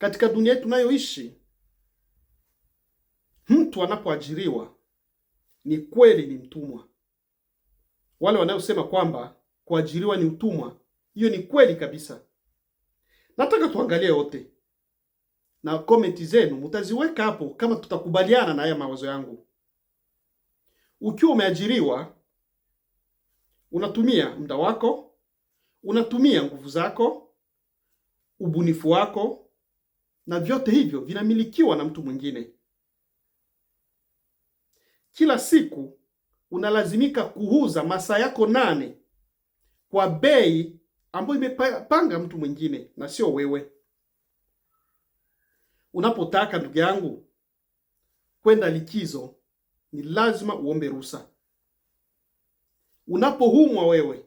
katika dunia yetu tunayoishi, mtu anapoajiriwa ni kweli ni mtumwa. Wale wanayosema kwamba kuajiriwa ni utumwa, hiyo ni kweli kabisa. Nataka tuangalie wote na komenti zenu mtaziweka hapo, kama tutakubaliana na haya mawazo yangu. Ukiwa umeajiriwa, unatumia muda wako, unatumia nguvu zako, ubunifu wako na vyote hivyo vinamilikiwa na mtu mwingine. Kila siku unalazimika kuuza masaa yako nane kwa bei ambayo imepanga mtu mwingine na sio wewe. Unapotaka ndugu yangu kwenda likizo, ni lazima uombe ruhusa. Unapohumwa wewe,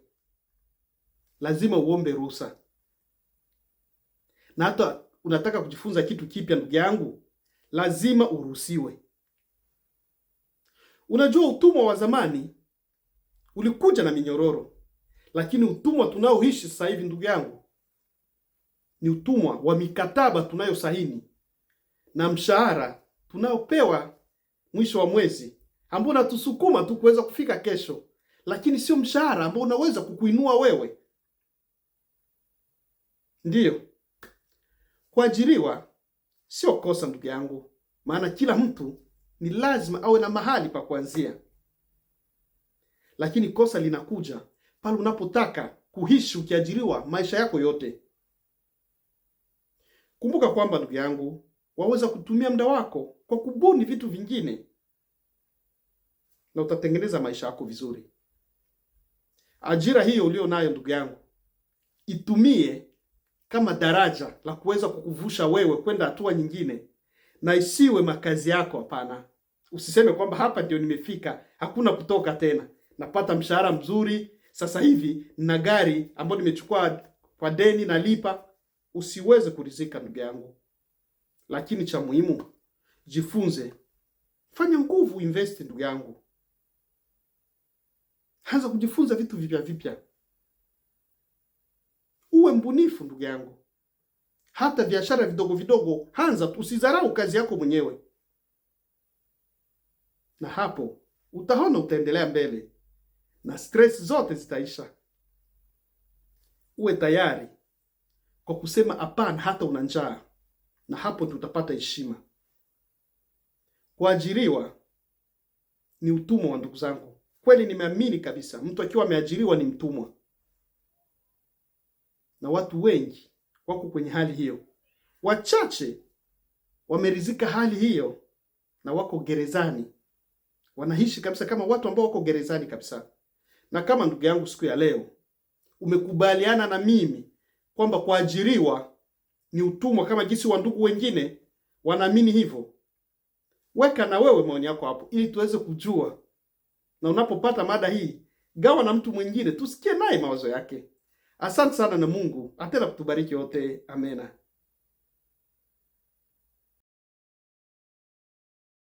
lazima uombe ruhusa na hata unataka kujifunza kitu kipya, ndugu yangu, lazima uruhusiwe. Unajua, utumwa wa zamani ulikuja na minyororo, lakini utumwa tunaoishi sasa hivi, ndugu yangu, ni utumwa wa mikataba tunayosahini na mshahara tunaopewa mwisho wa mwezi, ambao unatusukuma tu kuweza kufika kesho, lakini sio mshahara ambao unaweza kukuinua wewe. Ndiyo Kuajiriwa sio kosa ndugu yangu, maana kila mtu ni lazima awe na mahali pa kuanzia, lakini kosa linakuja pale unapotaka kuishi ukiajiriwa maisha yako yote. Kumbuka kwamba ndugu yangu, waweza kutumia muda wako kwa kubuni vitu vingine na utatengeneza maisha yako vizuri. Ajira hiyo ulio nayo ndugu yangu, itumie kama daraja la kuweza kukuvusha wewe kwenda hatua nyingine, na isiwe makazi yako. Hapana, usiseme kwamba hapa ndio nimefika, hakuna kutoka tena. Napata mshahara mzuri sasa hivi na gari ambayo nimechukua kwa deni nalipa. Usiweze kurizika ndugu yangu, lakini cha muhimu jifunze, fanya nguvu, invest ndugu yangu, anza kujifunza vitu vipya vipya mbunifu ndugu yangu, hata biashara vidogo vidogo hanza usizarau kazi yako mwenyewe, na hapo utaona utaendelea mbele na stress zote zitaisha. Uwe tayari kwa kusema hapana hata una njaa, na hapo tutapata heshima. Kuajiriwa ni utumwa wa ndugu zangu, kweli nimeamini kabisa, mtu akiwa ameajiriwa ni mtumwa na watu wengi wako kwenye hali hiyo. Wachache wamerizika hali hiyo na wako gerezani, wanaishi kabisa kama watu ambao wako gerezani kabisa. Na kama ndugu yangu, siku ya leo umekubaliana na mimi kwamba kuajiriwa ni utumwa kama jinsi wa ndugu wengine wanaamini hivyo, weka na wewe maoni yako hapo ili tuweze kujua, na unapopata mada hii gawa na mtu mwingine, tusikie naye mawazo yake. Asante sana na Mungu atela kutubariki wote. Amena.